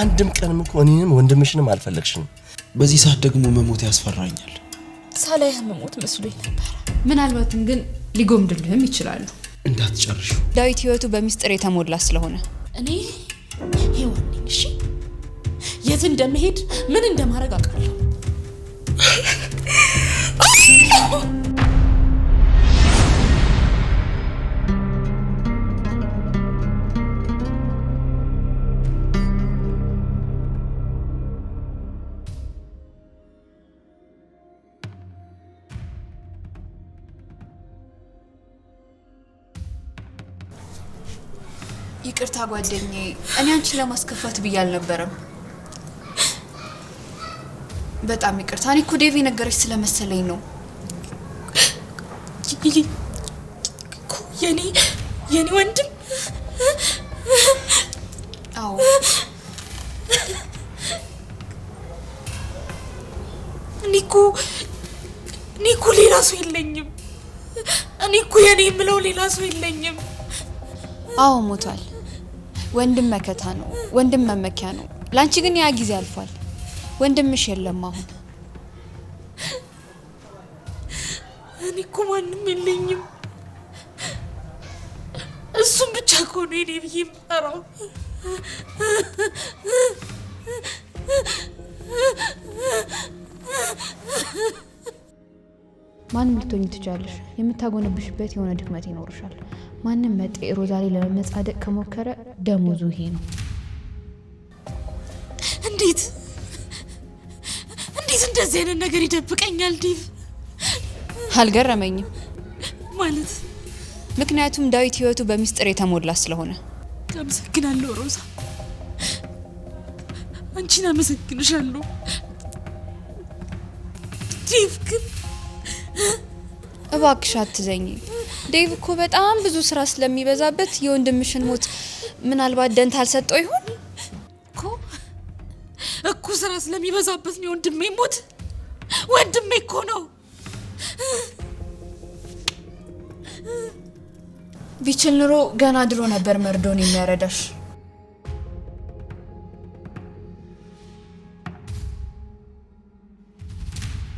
አንድም ቀንም እኮ እኔንም ወንድምሽንም አልፈለግሽንም። በዚህ ሰዓት ደግሞ መሞት ያስፈራኛል። ሳላይህ መሞት መስሎኝ ነበር። ምናልባትም ግን ሊጎምድልህም ይችላሉ። እንዳትጨርሹ። ዳዊት ህይወቱ በሚስጥር የተሞላ ስለሆነ እኔ ሄዋን እሺ፣ የት እንደመሄድ ምን እንደማድረግ አውቃለሁ። ይቅርታ ጓደኛዬ፣ እኔ አንቺን ለማስከፋት ብዬ አልነበረም። በጣም ይቅርታ። እኔ እኮ ዴቪ ነገረች ስለመሰለኝ ነው። የኔ የኔ ወንድም አዎ ኒኩ ኒኩ ሌላ ሰው የለኝም። ኒኩ የኔ የምለው ሌላ ሰው የለኝም። አዎ ሞቷል። ወንድም መከታ ነው፣ ወንድም መመኪያ ነው። ላንቺ ግን ያ ጊዜ አልፏል። ወንድምሽ የለም አሁን። እኔ እኮ ማንም የለኝም። እሱም ብቻ እኮ ነው የኔ ብዬ የምጠራው። ማንም ልትሆኝ ትችያለሽ። የምታጎነብሽበት የሆነ ድክመት ይኖርሻል። ማንም መጤ ሮዛሌ ለመመጻደቅ ከሞከረ ደሞዙ ይሄ ነው። እንዴት እንዴት እንደዚህ አይነት ነገር ይደብቀኛል ዲቭ? አልገረመኝም ማለት ምክንያቱም ዳዊት ህይወቱ በሚስጥር የተሞላ ስለሆነ። አመሰግናለሁ ሮዛ፣ አንቺን አመሰግንሻለሁ። ዲቭ ግን እባክሽ አትዘኝ ዴቭ እኮ በጣም ብዙ ስራ ስለሚበዛበት የወንድምሽን ሞት ምናልባት ደንታ አልሰጠው ይሆን እኮ እኮ ስራ ስለሚበዛበት ነው የወንድሜ ሞት። ወንድሜ እኮ ነው። ቢችል ኑሮ ገና ድሮ ነበር መርዶን የሚያረዳሽ።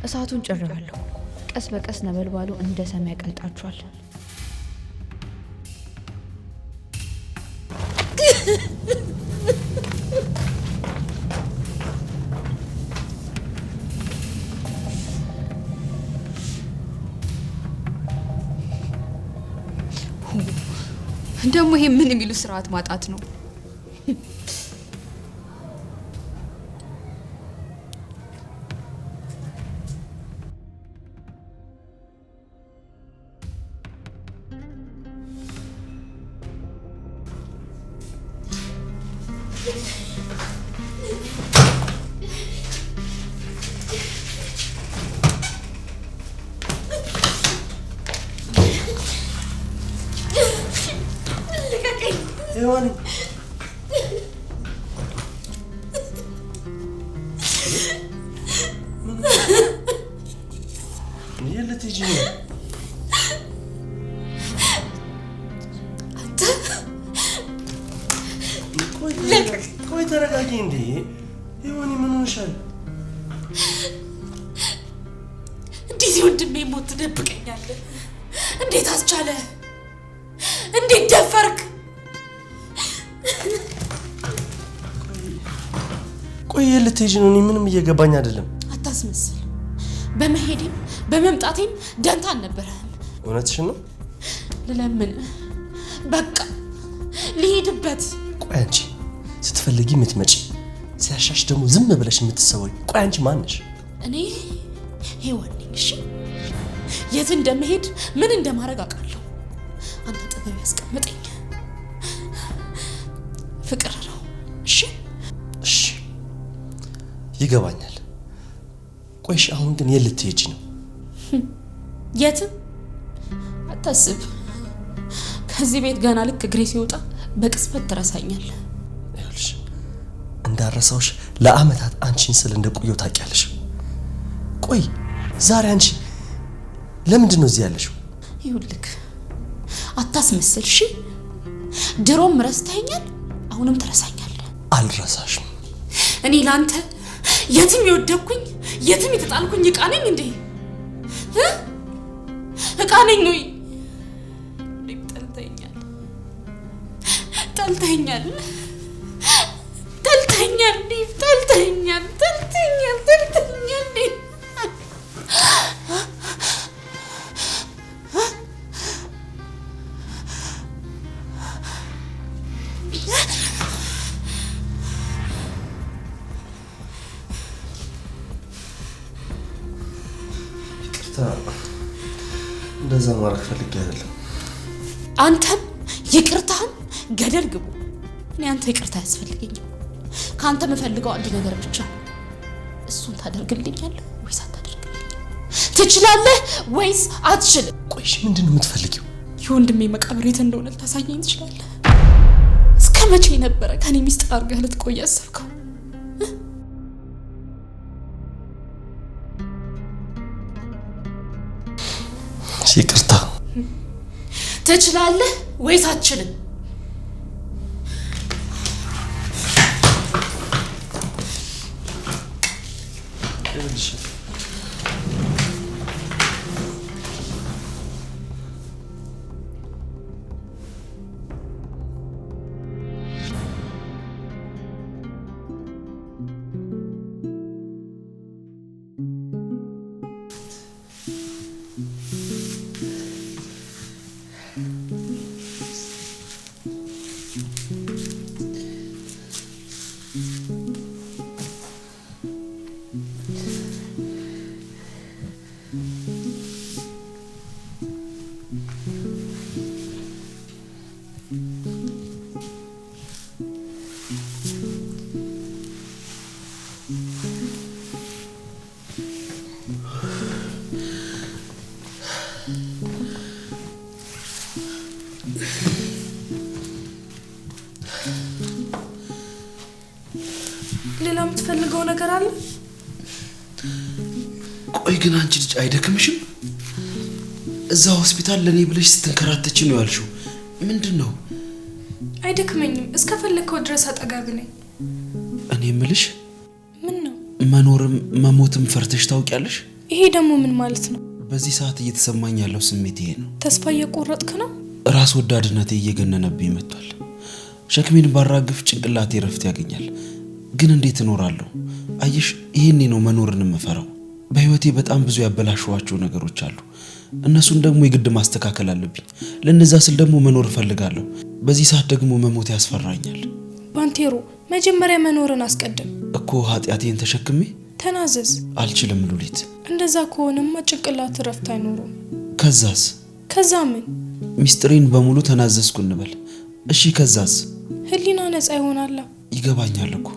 እሳቱን ጭሬዋለሁ። ቀስ በቀስ ነበልባሉ እንደ ሰማይ ያቀልጣችኋል። ደግሞ ይሄ ምን የሚሉ ስርዓት ማጣት ነው። ይሄ ልትሄጂ ነው? ቆይ ተረጋጊ። እንዴ ይሆን ምን ሆንሻል? እንዴት ወንድሜ ሞት ትደብቀኛለህ? እንዴት አስቻለ? እንዴት ደፈርክ? ቆይ ልትሄጂ ነው? እኔ ምንም እየገባኝ አይደለም። አታስመስል። በመምጣቴም ደንታ አልነበረህም። እውነትሽን ነው። ልለምን በቃ ሊሄድበት ቆይ አንቺ ስትፈልጊ የምትመጪ ሲያሻሽ ደግሞ ዝም ብለሽ የምትሰወሪ። ቆይ አንቺ ማንሽ? እኔ ሄዋን ነኝ። እሺ የት እንደመሄድ ምን እንደማድረግ አውቃለሁ። አንተ ጥበብ ያስቀምጠኝ ፍቅር ነው። እሺ እሺ፣ ይገባኛል። ቆይሽ አሁን ግን የት ልትሄጂ ነው? የትም አታስብ። ከዚህ ቤት ገና ልክ እግሬ ሲወጣ በቅጽበት ትረሳኛል። ይኸውልሽ እንዳረሳውሽ ለአመታት አንቺን ስል እንደቆየው ታውቂያለሽ። ቆይ ዛሬ አንቺ ለምንድን ነው እዚህ ያለሽው? ይኸውልህ አታስመስል እሺ። ድሮም ረስተኸኛል፣ አሁንም ትረሳኛል። አልረሳሽም። እኔ ላንተ የትም የወደኩኝ የትም የተጣልኩኝ እቃ ነኝ እንዴ? እቃ ነኝ ወይ? ጠልተኛል፣ ጠልተኛል፣ ጠልተኛል፣ ጠልተኛል፣ ጠልተኛል፣ ጠልተኛል። እንደዛ ማድረግ ፈልጌ አይደለም። አንተም ይቅርታህን ገደል ግቡ። እኔ አንተ ይቅርታ አያስፈልገኝም። ከአንተ የምፈልገው አንድ ነገር ብቻ፣ እሱን ታደርግልኛለህ ወይስ አታደርግልኝ? ትችላለህ ወይስ አትችልም? ቆይሽ ምንድን ነው የምትፈልጊው? የወንድሜ መቃብር የት እንደሆነ ልታሳየኝ ትችላለህ? እስከ መቼ ነበረ ከኔ ሚስጥር አድርገህ ልትቆይ አሰብከው? ይቅርታ። ትችላለህ ወይስ አትችልም? የምትፈልገው ነገር አለ? ቆይ ግን አንቺ ልጅ አይደክምሽም? እዛ ሆስፒታል ለእኔ ብለሽ ስትንከራተች ነው ያልሽው። ምንድን ነው? አይደክመኝም። እስከፈለግከው ድረስ አጠጋግ ነኝ። እኔ ምልሽ ምን ነው መኖርም መሞትም ፈርተሽ ታውቂያለሽ? ይሄ ደግሞ ምን ማለት ነው? በዚህ ሰዓት እየተሰማኝ ያለው ስሜት ይሄ ነው። ተስፋ እየቆረጥክ ነው። ራስ ወዳድነቴ እየገነነብኝ መጥቷል። ሸክሜን ባራግፍ ጭንቅላቴ ረፍት ያገኛል። ግን እንዴት እኖራለሁ? አየሽ፣ ይህኔ ነው መኖርን የምፈራው። በህይወቴ በጣም ብዙ ያበላሸዋቸው ነገሮች አሉ። እነሱን ደግሞ የግድ ማስተካከል አለብኝ። ለነዛ ስል ደግሞ መኖር እፈልጋለሁ። በዚህ ሰዓት ደግሞ መሞት ያስፈራኛል። ባንቴሮ፣ መጀመሪያ መኖርን አስቀድም እኮ። ኃጢአቴን ተሸክሜ ተናዘዝ። አልችልም ሉሊት። እንደዛ ከሆነማ ጭንቅላት እረፍት አይኖሩም። ከዛስ? ከዛ ምን? ሚስጥሬን በሙሉ ተናዘዝኩ እንበል እሺ። ከዛስ? ህሊና ነፃ ይሆናላ። ይገባኛል እኮ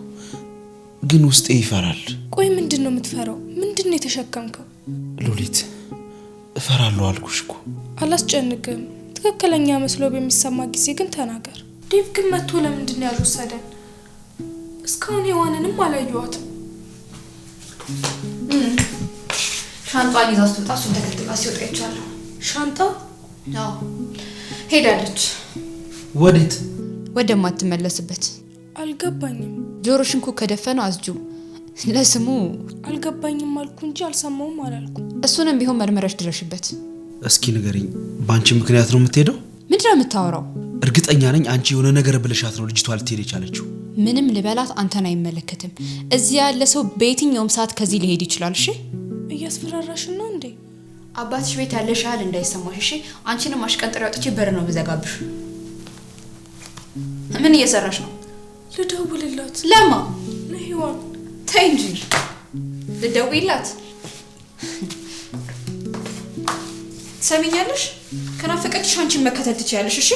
ግን ውስጤ ይፈራል። ቆይ ምንድን ነው የምትፈራው? ምንድን ነው የተሸከምከው? ሉሊት እፈራለሁ አልኩሽ እኮ። አላስጨንቅም። ትክክለኛ መስሎ በሚሰማ ጊዜ ግን ተናገር። ዴቭ ግን መጥቶ ለምንድን ነው ያልወሰደን? እስካሁን የሆነንም አላየኋትም። ሻንጣዋን ይዛ ስትወጣ እሱን ተከትላ ሲወጣ ይቻለሁ። ሻንጣው ሄዳለች። ወዴት? ወደማትመለስበት አልገባኝም። ጆሮሽን እኮ ከደፈነው አዝጁ ለስሙ አልገባኝም አልኩ እንጂ አልሰማውም አላልኩ። እሱንም ቢሆን መርመረሽ ድረሽበት። እስኪ ንገሪኝ፣ በአንቺ ምክንያት ነው የምትሄደው? ምንድን ነው የምታወራው? እርግጠኛ ነኝ አንቺ የሆነ ነገር ብለሻት ነው ልጅቷ ልትሄድ የቻለችው። ምንም ልበላት፣ አንተን አይመለከትም። እዚህ ያለ ሰው በየትኛውም ሰዓት ከዚህ ሊሄድ ይችላል። እሺ፣ እያስፈራራሽ ነው እንዴ? አባትሽ ቤት ያለ ያህል እንዳይሰማሽ እሺ። አንቺንም አሽቀንጥሬ አውጥቼ በር ነው ብዘጋብሽ። ምን እየሰራሽ ነው? ልደውልላት። ለማ ለህይዋን ተይ እንጂ ልደውይላት። ትሰሚኛለሽ? ከናፈቀችሽ አንቺን መከተል ትችያለሽ። እሺ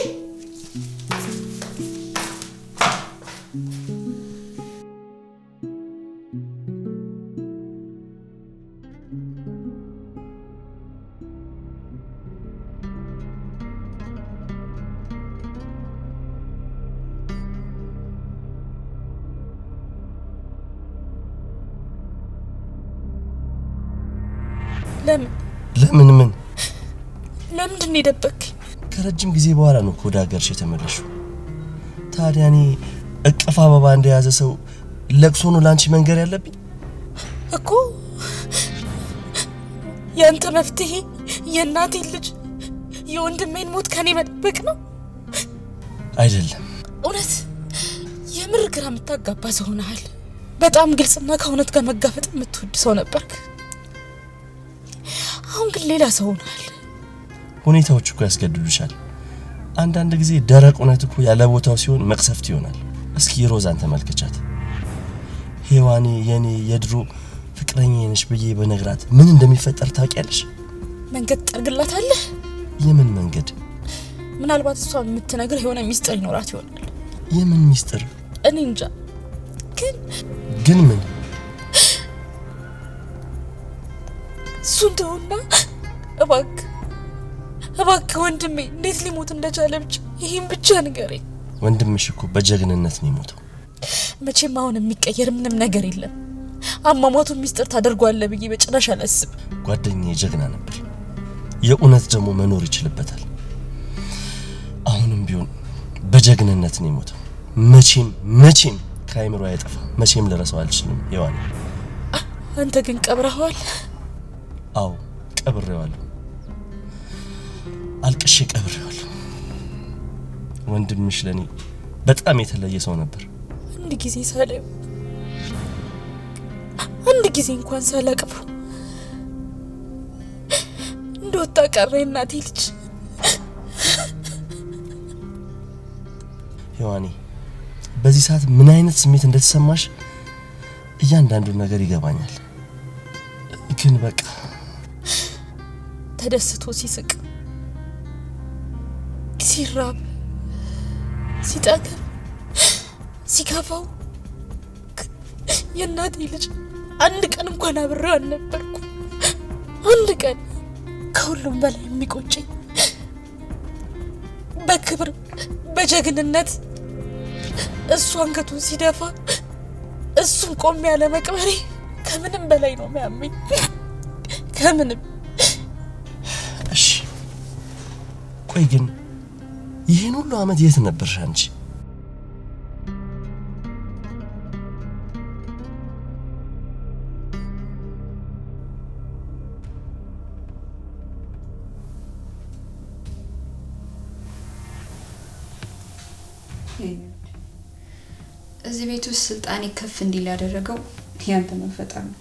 የደበክ? ከረጅም ጊዜ በኋላ ነው ወደ ሀገርሽ የተመለሽው። ታዲያ እኔ እቅፍ አበባ እንደያዘ ሰው ለቅሶ ነው ለአንቺ መንገር ያለብኝ እኮ። ያንተ መፍትሄ የእናቴን ልጅ የወንድሜን ሞት ከኔ መደበቅ ነው አይደለም? እውነት የምር ግራ የምታጋባ ሰው ሆነሃል። በጣም ግልጽና ከእውነት ጋር መጋፈጥ የምትወድ ሰው ነበርክ። አሁን ግን ሌላ ሰው ሆነሃል። ሁኔታዎች እኮ ያስገድዱሻል። አንዳንድ ጊዜ ደረቅ እውነት እኮ ያለ ቦታው ሲሆን መቅሰፍት ይሆናል። እስኪ ሮዛን ተመልከቻት። ሔዋኔ የኔ የድሮ ፍቅረኛ ነሽ ብዬ በነግራት ምን እንደሚፈጠር ታውቂያለሽ? መንገድ ትጠርግላታለህ። የምን መንገድ? ምናልባት እሷ የምትነግር የሆነ ሚስጥር ይኖራት ይሆናል። የምን ሚስጥር? እኔ እንጃ። ግን ግን ምን እሱን ተውና እባክህ እባክህ ወንድሜ እንዴት ሊሞት እንደቻለ ብቻ ይህም ብቻ ንገረኝ። ወንድምሽ እኮ በጀግንነት ነው የሞተው። መቼም አሁን የሚቀየር ምንም ነገር የለም። አሟሟቱ ሚስጥር ታደርጓለ ብዬ በጭራሽ አላስብ። ጓደኛ ጀግና ነበር። የእውነት ደግሞ መኖር ይችልበታል። አሁንም ቢሆን በጀግንነት ነው የሞተው። መቼም መቼም ከአይምሮ አይጠፋ። መቼም ልረሳው አልችልም። ይዋል አንተ ግን ቀብረኸዋል? አዎ ቀብሬዋለሁ። አልቅሼ ቀብሬዋለሁ። ወንድምሽ ለኔ በጣም የተለየ ሰው ነበር። አንድ ጊዜ ሳላየው አንድ ጊዜ እንኳን ሳላቅብሩ እንደወጣ ቀረ። እናቴ ልጅ ሔዋኔ፣ በዚህ ሰዓት ምን አይነት ስሜት እንደተሰማሽ እያንዳንዱ ነገር ይገባኛል። ግን በቃ ተደስቶ ሲስቅ ሲራብ፣ ሲጠግብ፣ ሲከፋው የእናቴ ልጅ አንድ ቀን እንኳን አብሬው አልነበርኩ። አንድ ቀን ከሁሉም በላይ የሚቆጨኝ በክብር በጀግንነት እሱ አንገቱን ሲደፋ እሱን ቆም ያለ መቅበሬ ከምንም በላይ ነው የሚያመኝ ከምንም። እሺ ቆይ ግን ይህን ሁሉ ዓመት የት ነበርሽ አንቺ? እዚህ ቤት ውስጥ ስልጣኔ ከፍ እንዲል ያደረገው ያንተ መፈጠር ነው።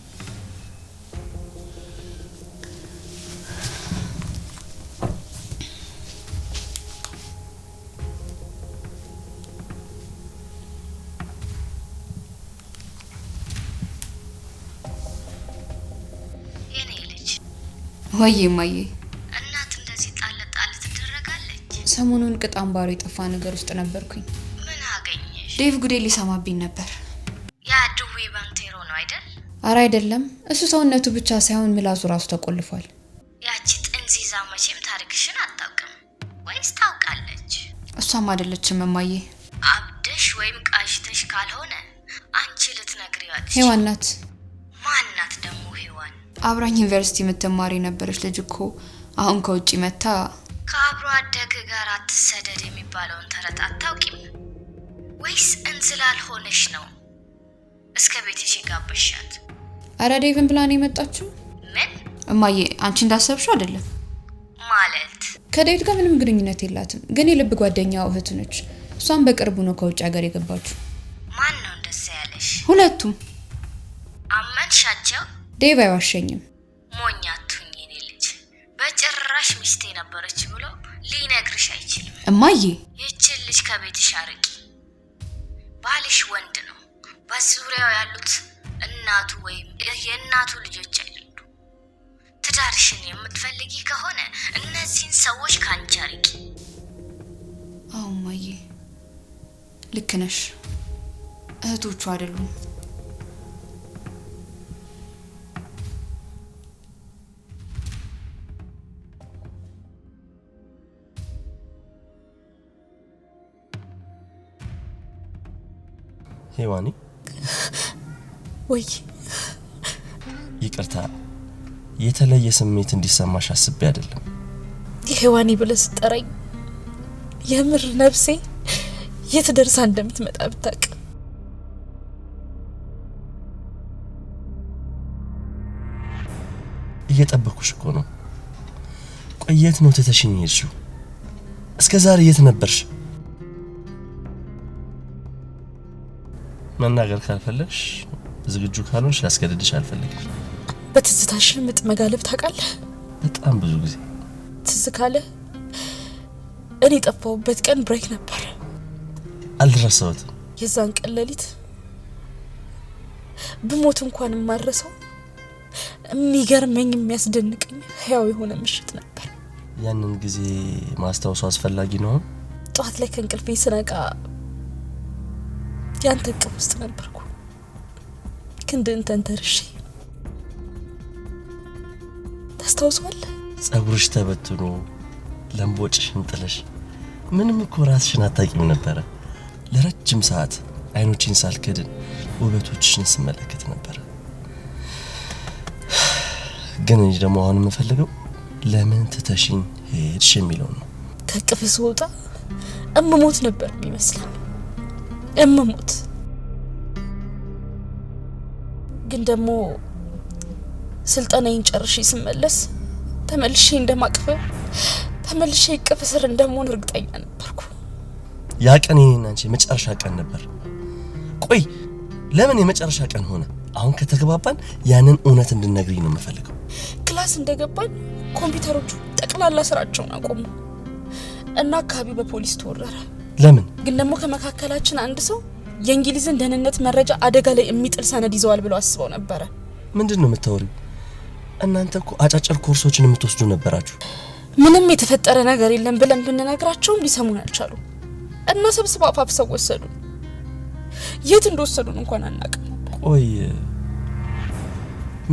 ወይ ማዬ እናት እንደዚህ ጣል ጣል ትደረጋለች። ሰሞኑን ቅጥ አምባሮ የጠፋ ነገር ውስጥ ነበርኩኝ። ምን አገኘሽ? ዴቭ ጉዴ ሊሰማብኝ ነበር። ያ ድዌ ባንቴሮ ነው አይደል? አረ አይደለም። እሱ ሰውነቱ ብቻ ሳይሆን ምላሱ ራሱ ተቆልፏል። ያቺ ጥንዚዛ መቼም ታሪክሽን አታውቅም ወይስ ታውቃለች? እሷም አይደለችም እማዬ። አብደሽ ወይም ቃሽተሽ ካልሆነ አንቺ ልትነግሪዋለሽ። ሄዋናት አብራኝ ዩኒቨርሲቲ የምትማር የነበረች ልጅ እኮ አሁን ከውጭ መታ ከአብሮ አደግ ጋር አትሰደድ የሚባለውን ተረት አታውቂም ወይስ እንዝላል ሆነሽ ነው? እስከ ቤትሽ ጋበሻት። አረ ዴቭን ብላን የመጣችው። ምን እማዬ፣ አንቺ እንዳሰብሽው አይደለም ማለት ከዴቪድ ጋር ምንም ግንኙነት የላትም፣ ግን የልብ ጓደኛ እህት ነች። እሷን በቅርቡ ነው ከውጭ ሀገር የገባችው። ማን ነው እንደዛ ያለሽ? ሁለቱም ዴቭ አይዋሸኝም። ሞኝ አትሁኝ የኔ ልጅ፣ በጭራሽ ሚስቴ ነበረች ብሎ ሊነግርሽ አይችልም። እማዬ፣ ይህችን ልጅ ከቤትሽ አርቂ። ባልሽ ወንድ ነው። በዙሪያው ያሉት እናቱ ወይም የእናቱ ልጆች አይደሉ። ትዳርሽን የምትፈልጊ ከሆነ እነዚህን ሰዎች ከአንቺ አርቂ። አዎ እማዬ፣ ልክ ነሽ። እህቶቹ አይደሉም። ሄዋኔ ወይ ይቅርታ፣ የተለየ ስሜት እንዲሰማሽ አስቤ አይደለም። ሄዋኔ ብለህ ስጠራኝ የምር ነፍሴ የት ደርሳ እንደምትመጣ ብታውቅ። እየጠበኩሽ እኮ ነው። ቆየት ነው ትተሽኝ ሄድሽው? እስከ ዛሬ የት ነበርሽ? መናገር ካልፈለግሽ ዝግጁ ካልሆንሽ ላስገድድሽ አልፈልግም። በትዝታሽ ምጥ መጋለብ ታውቃለህ? በጣም ብዙ ጊዜ ትዝ ካለ እኔ የጠፋሁበት ቀን ብሬክ ነበር። አልረሳሁትም። የዛን ቀን ሌሊት ብሞት እንኳን የማረሰው የሚገርመኝ የሚያስደንቀኝ ህያው የሆነ ምሽት ነበር። ያንን ጊዜ ማስታወሱ አስፈላጊ ነው። ጠዋት ላይ ከእንቅልፌ ስነቃ ያንተ እቅፍ ውስጥ ነበርኩ። ክንድን ተንተርሼ ታስታውሷል ጸጉርሽ ተበትኖ ለምቦጭሽን ጥለሽ ምንም እኮ ራስሽን አታቂም ነበረ። ለረጅም ሰዓት አይኖችን ሳልከድን ውበቶችሽን ስመለከት ነበረ። ግን እኔ ደግሞ አሁን የምፈልገው ለምን ትተሽኝ ሄድሽ የሚለው ነው። ከቅፍ ስወጣ እምሞት ነበር ይመስለኝ እምሞት ግን ደግሞ ስልጠናዬን ጨርሼ ስመለስ ተመልሼ እንደማቅፍ ተመልሼ እቅፍ ስር እንደመሆን እርግጠኛ ነበርኩ። ያ ቀን የኔና አንቺ የመጨረሻ ቀን ነበር። ቆይ ለምን የመጨረሻ ቀን ሆነ? አሁን ከተግባባን ያንን እውነት እንድነግሪኝ ነው የምፈልገው። ክላስ እንደገባን ኮምፒውተሮቹ ጠቅላላ ስራቸውን አቆሙ እና አካባቢ በፖሊስ ተወረረ። ለምን ግን ደግሞ ከመካከላችን አንድ ሰው የእንግሊዝን ደህንነት መረጃ አደጋ ላይ የሚጥል ሰነድ ይዘዋል ብሎ አስበው ነበረ። ምንድን ነው የምታወሪው? እናንተ እኮ አጫጭር ኮርሶችን የምትወስዱ ነበራችሁ። ምንም የተፈጠረ ነገር የለም ብለን ብንነግራቸውም ሊሰሙን አልቻሉ እና ሰብስባ አፋፍሰው ወሰዱ። የት እንደወሰዱን እንኳን አናውቅም። ቆይ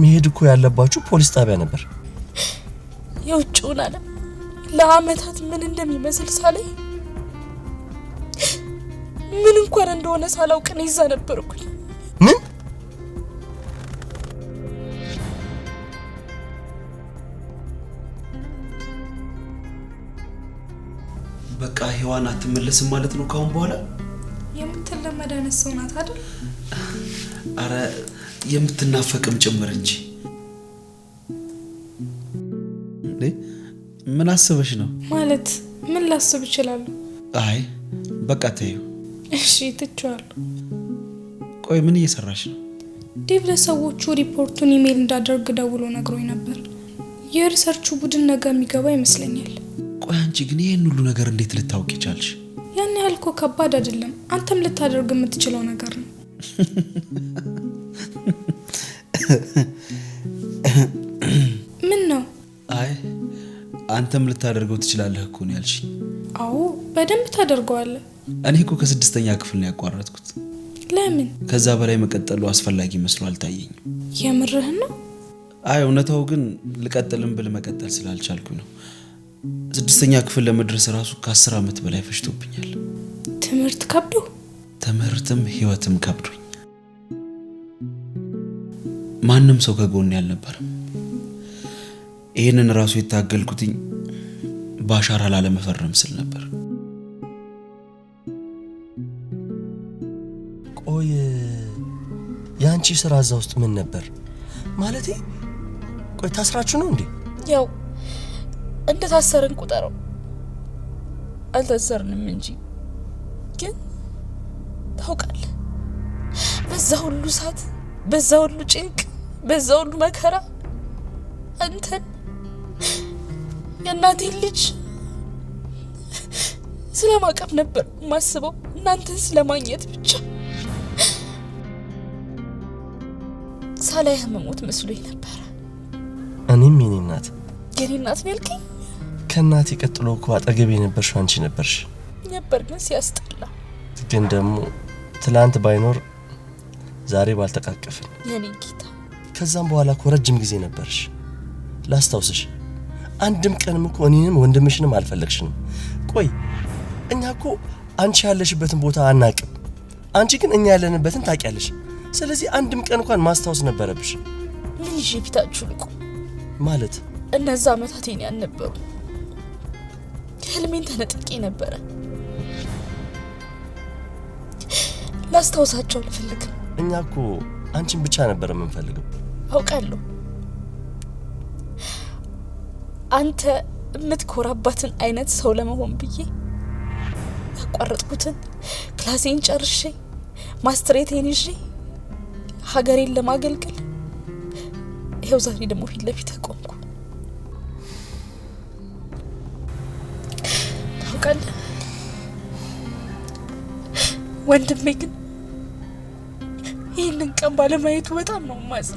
መሄድ እኮ ያለባችሁ ፖሊስ ጣቢያ ነበር። የውጭውን ዓለም ለአመታት ምን እንደሚመስል ሳላይ ምን እንኳን እንደሆነ ሳላውቅ ነው ይዛ ነበርኩኝ። ምን በቃ ሔዋን አትመለስም ማለት ነው ካሁን በኋላ የምትለመድ አይነት ሰው ናት አይደል? አረ የምትናፈቅም ጭምር እንጂ። ምን አስበሽ ነው? ማለት ምን ላስብ እችላለሁ? አይ በቃ ተይው። እሺ ትቼዋለሁ። ቆይ ምን እየሰራሽ ነው? ዴቭ ለሰዎቹ ሪፖርቱን ኢሜይል እንዳደርግ ደውሎ ነግሮኝ ነበር። የሪሰርቹ ቡድን ነገ የሚገባ ይመስለኛል። ቆይ አንቺ ግን ይህን ሁሉ ነገር እንዴት ልታውቅ ይቻልሽ? ያን ያህል እኮ ከባድ አይደለም። አንተም ልታደርግ የምትችለው ነገር ነው። ምን ነው? አይ አንተም ልታደርገው ትችላለህ እኮ ነው ያልሽኝ። አዎ በደንብ ታደርገዋለህ። እኔ እኮ ከስድስተኛ ክፍል ነው ያቋረጥኩት። ለምን? ከዛ በላይ መቀጠሉ አስፈላጊ መስሎ አልታየኝም። የምርህ ነው? አይ እውነታው ግን ልቀጥልም ብል መቀጠል ስላልቻልኩ ነው። ስድስተኛ ክፍል ለመድረስ ራሱ ከአስር ዓመት በላይ ፈጅቶብኛል። ትምህርት ከብዶ ትምህርትም ህይወትም ከብዶኝ ማንም ሰው ከጎን አልነበረም። ይህንን ራሱ የታገልኩትኝ በአሻራ ላለመፈረም ስል ነበር። ቆይ የአንቺ ስራ እዛ ውስጥ ምን ነበር? ማለቴ ቆይ ታስራችሁ ነው እንዴ? ያው እንደ ታሰርን ቁጠረው። አልታሰርንም እንጂ ግን ታውቃል? በዛ ሁሉ ሰዓት፣ በዛ ሁሉ ጭንቅ፣ በዛ ሁሉ መከራ አንተን የእናቴን ልጅ ስለማቀፍ ነበር ማስበው፣ እናንተን ስለማግኘት ብቻ ሳላይ ህመሞት መስሎኝ ነበረ። እኔም የኔ እናት የኔ እናት ነው ያልከኝ። ከእናቴ ቀጥሎ እኮ አጠገብ የነበርሽው አንቺ ነበርሽ። ነበር ግን ሲያስጠላ። ግን ደግሞ ትላንት ባይኖር ዛሬ ባልተቃቀፍን የኔ ጌታ። ከዛም በኋላ እኮ ረጅም ጊዜ ነበርሽ። ላስታውስሽ አንድም ቀንም እኮ እኔንም ወንድምሽንም አልፈለግሽንም። ቆይ እኛ እኮ አንቺ ያለሽበትን ቦታ አናቅም፣ አንቺ ግን እኛ ያለንበትን ታውቂያለሽ። ስለዚህ አንድም ቀን እንኳን ማስታወስ ነበረብሽ። ልጅ ፊታችሁን እኮ ማለት እነዛ ዓመታቴን ያልነበሩ ህልሜን ተነጥቄ ነበረ። ላስታውሳቸው አልፈልግም። እኛ እኮ አንቺን ብቻ ነበር የምንፈልገው። አውቃለሁ አንተ የምትኮራባትን አይነት ሰው ለመሆን ብዬ ያቋረጥኩትን ክላሴን ጨርሼ ማስትሬቴን ይዤ ሀገሬን ለማገልገል ይኸው ዛሬ ደግሞ ፊት ለፊት ቆምኩ። ታውቃለህ ወንድሜ ግን ይህንን ቀን ባለማየቱ በጣም ነው ማዝ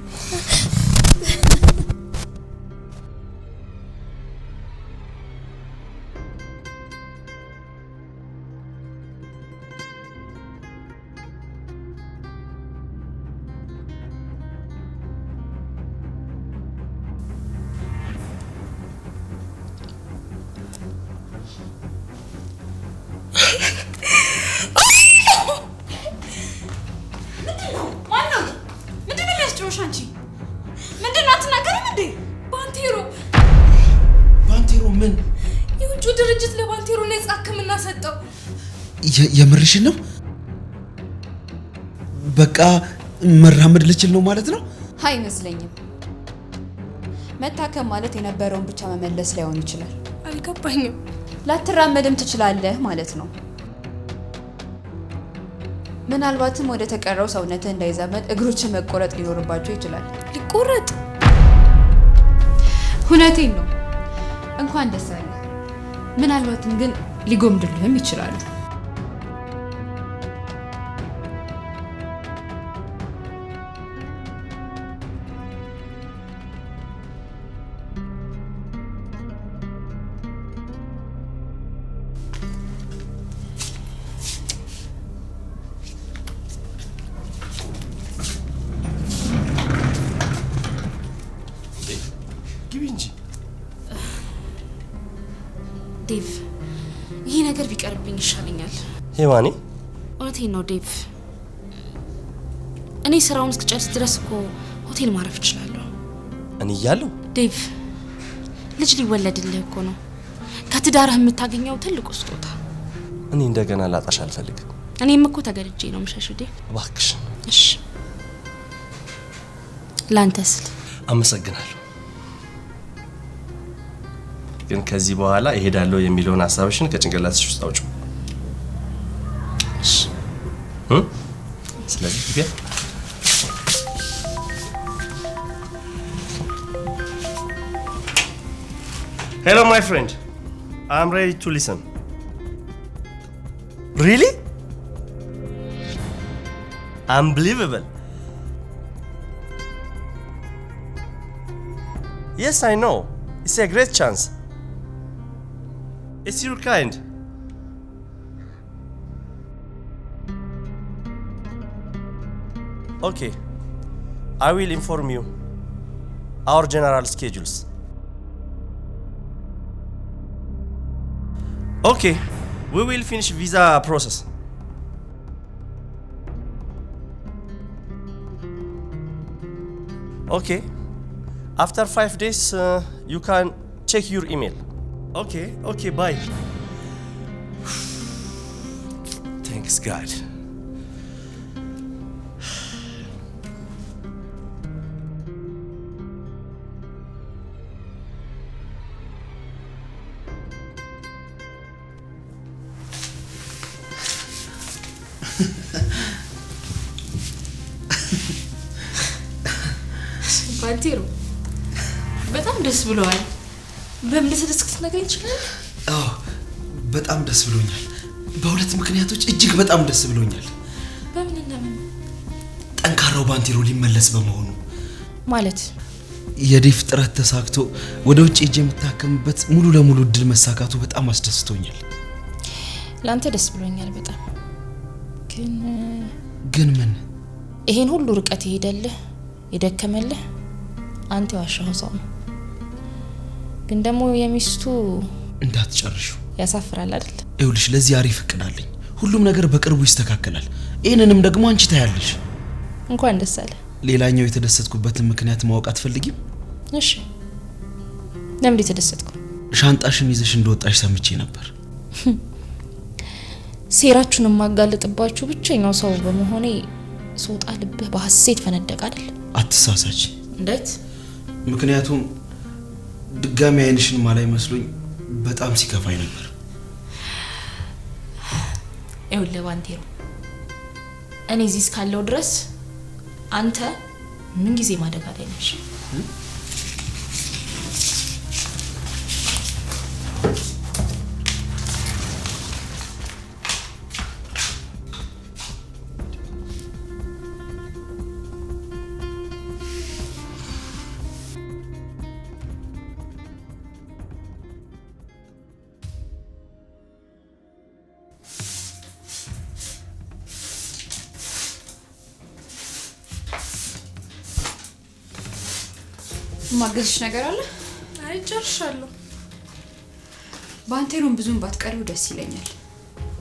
በቃ መራመድ ልችል ነው ማለት ነው? አይመስለኝም። መታከም ማለት የነበረውን ብቻ መመለስ ላይሆን ይችላል። አልገባኝም። ላትራመድም ትችላለህ ማለት ነው። ምናልባትም ወደ ተቀረው ሰውነትህ እንዳይዛመድ እግሮችን መቆረጥ ሊኖርባቸው ይችላል። ሊቆረጥ? እውነቴን ነው። እንኳን ደስ አለህ ምናልባትም ግን ሊጎምድልህም ይችላሉ። ሄዋኔ እውነቴን ነው ዴቭ። እኔ ስራውን እስክጨርስ ድረስ እኮ ሆቴል ማረፍ እችላለሁ። እኔ እያለሁ ዴቭ፣ ልጅ ሊወለድልህ እኮ ነው። ከትዳርህ የምታገኘው ትልቁ ስጦታ። እኔ እንደገና ላጣሽ አልፈልግም። እኔም እኮ ተገድጄ ነው ምሸሽ ዴቭ። እባክሽ። እሺ፣ ላንተ ስል አመሰግናለሁ። ግን ከዚህ በኋላ እሄዳለሁ የሚለውን ሀሳብሽን ከጭንቅላትሽ ውስጥ አውጪው። Hello, my friend. I'm ready to listen. Really? Unbelievable. Yes, I know. It's a great chance. It's your kind. Okay. I will inform you our general schedules. Okay, we will finish visa process. Okay, after five days, uh, you can check your email. Okay, okay, bye. Thanks, God. ባንቴሮ በጣም ደስ ብለዋል። በምልስልስክት ነገር ይችላል። አዎ በጣም ደስ ብሎኛል። በሁለት ምክንያቶች እጅግ በጣም ደስ ብሎኛል። በምን እንደምን? ጠንካራው ባንቴሮ ሊመለስ በመሆኑ ማለት የዴፍ ጥረት ተሳክቶ ወደ ውጭ ሄጄ የምታከምበት ሙሉ ለሙሉ እድል መሳካቱ በጣም አስደስቶኛል። ለአንተ ደስ ብሎኛል በጣም ግን ግን ምን ይሄን ሁሉ ርቀት ይሄደልህ ይደከመልህ አንተ ያሻው ሰው ነው። ግን ደግሞ የሚስቱ እንዳትጨርሹ ያሳፍራል አይደል? ይኸውልሽ ለዚህ አሪፍ እቅድ አለኝ። ሁሉም ነገር በቅርቡ ይስተካከላል። ይህንንም ደግሞ አንቺ ታያለሽ። እንኳን ደስ አለ። ሌላኛው የተደሰትኩበትን ምክንያት ማወቅ አትፈልጊም? እሺ ለምን የተደሰትኩ? ሻንጣሽን ይዘሽ እንደወጣሽ ሰምቼ ነበር። ሴራችሁን የማጋልጥባችሁ ብቸኛው ሰው በመሆኔ ሶጣ ልብህ በሀሴት ፈነደቅ አይደል? አትሳሳች። እንዴት? ምክንያቱም ድጋሚ አይንሽን ማላይ መስሎኝ በጣም ሲከፋኝ ነበር። ይኸውልህ ባንቴሮ፣ እኔ እዚህ እስካለው ድረስ አንተ ምን ጊዜ ማደግ ላይ ነሽ። ያገዝሽ ነገር አለ? አይ ጨርሻለሁ። ባንቴሩን ብዙም ባትቀሪው ደስ ይለኛል።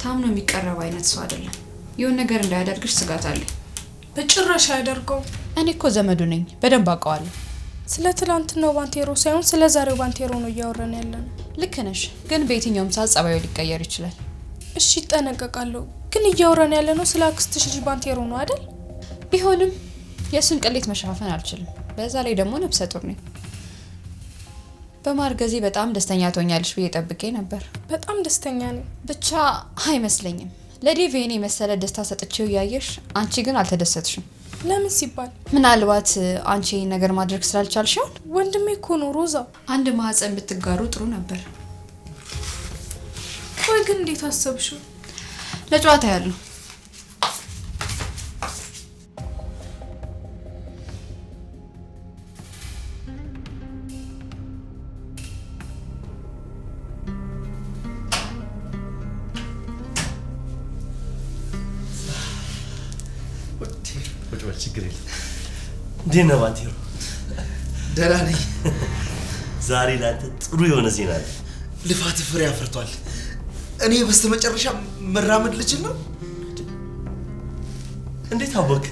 ታምኖ የሚቀረብ አይነት ሰው አይደለም። የሆነ ነገር እንዳያደርግሽ ስጋት አለ። በጭራሽ አያደርገው። እኔ እኮ ዘመዱ ነኝ፣ በደንብ አውቀዋለሁ። ስለ ትናንትናው ባንቴሮ ሳይሆን ስለ ዛሬው ባንቴሮ ነው እያወራን ያለ ነው። ልክ ነሽ፣ ግን በየትኛውም ሰዓት ጸባዩ ሊቀየር ይችላል። እሺ ይጠነቀቃለሁ። ግን እያወረን ያለ ነው ስለ አክስትሽ ልጅ ባንቴሮ ነው አይደል? ቢሆንም የእሱን ቅሌት መሸፋፈን አልችልም። በዛ ላይ ደግሞ ነብሰ ጡር ነኝ። በማርገዜ በጣም ደስተኛ ትሆኛለሽ ብዬ ጠብቄ ነበር። በጣም ደስተኛ ነኝ፣ ብቻ አይመስለኝም። ለዴቭ የመሰለ ደስታ ሰጥቼው እያየሽ፣ አንቺ ግን አልተደሰትሽም። ለምን ሲባል ምናልባት አንቺ ነገር ማድረግ ስላልቻልሽ ይሆን? ወንድሜ እኮ ነው ሮዛ። አንድ ማህፀን ብትጋሩ ጥሩ ነበር። ቆይ ግን እንዴት አሰብሽው? ለጨዋታ ያለው በል ችግር የለም። እንዴት ነው ማቴዎ? ደህና ነኝ። ዛሬ ላንተ ጥሩ የሆነ ዜና አለ። ልፋት ፍሬ አፍርቷል። እኔ በስተ መጨረሻ መራመድ ልችል ነው። እንዴት አወቅ?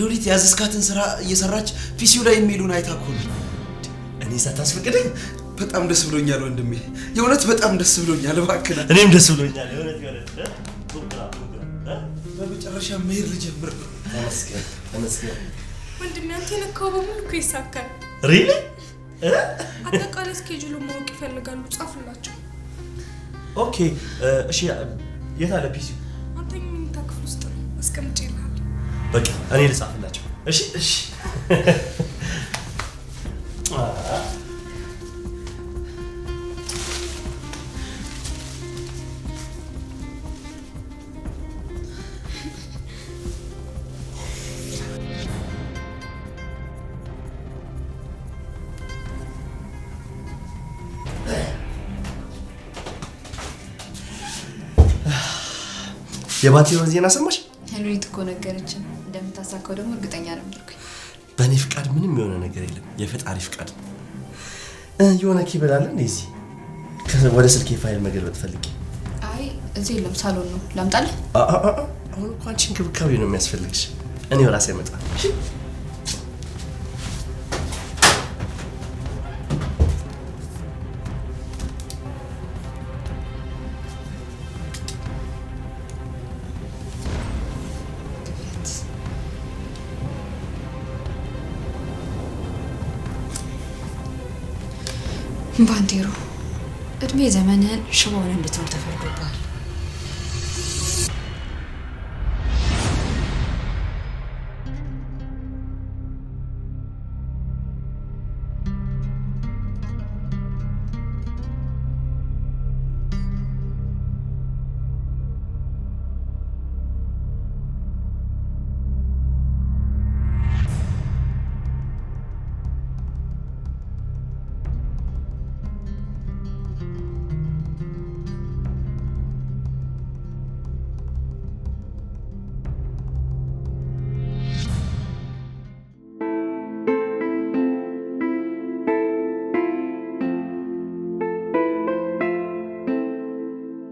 ሎሊት ያዘዝካትን ስራ እየሰራች ፒሲው ላይ የሚሉን አይታ እኮ ነው። እኔ ሳታስፈቅደኝ በጣም ደስ ብሎኛል ወንድሜ፣ የእውነት በጣም ደስ ብሎኛል። እባክህ እኔም ደስ ብሎኛል። በመጨረሻ መሄድ ልጀምር ነው። ተመስገን ተመስገን። ወንድሜ አንተ የነካው በሙሉ እኮ ይሳካል። ሪሊ አጠቃላይ እስኬጁሉን ማወቅ ይፈልጋሉ። ጻፍላቸው። ኦኬ እሺ። የት አለ ፒሲው? አንተኛ መኝታ ክፍል ውስጥ ነው፣ አስቀምጬልሃለሁ። በቃ እኔ ልጻፍላቸው። እሺ እሺ የባቴውን ዜና ሰማሽ? ሄንሪት እኮ ነገረችን። እንደምታሳካው ደግሞ እርግጠኛ ነበርኩኝ። በእኔ ፍቃድ ምንም የሆነ ነገር የለም፣ የፈጣሪ ፍቃድ የሆነ ኬብል አለ እንደዚህ ወደ ስልክ የፋይል መገልበጥ ፈልጌ። አይ እዚህ የለም፣ ሳሎን ነው። ላምጣልህ? አሁን እኮ አንቺ እንክብካቤ ነው የሚያስፈልግሽ። እኔው ራሴ እመጣለሁ። ባንቴሮ እድሜ ዘመንህን ሽቦውን እንድትኖር ተፈርዶብሃል።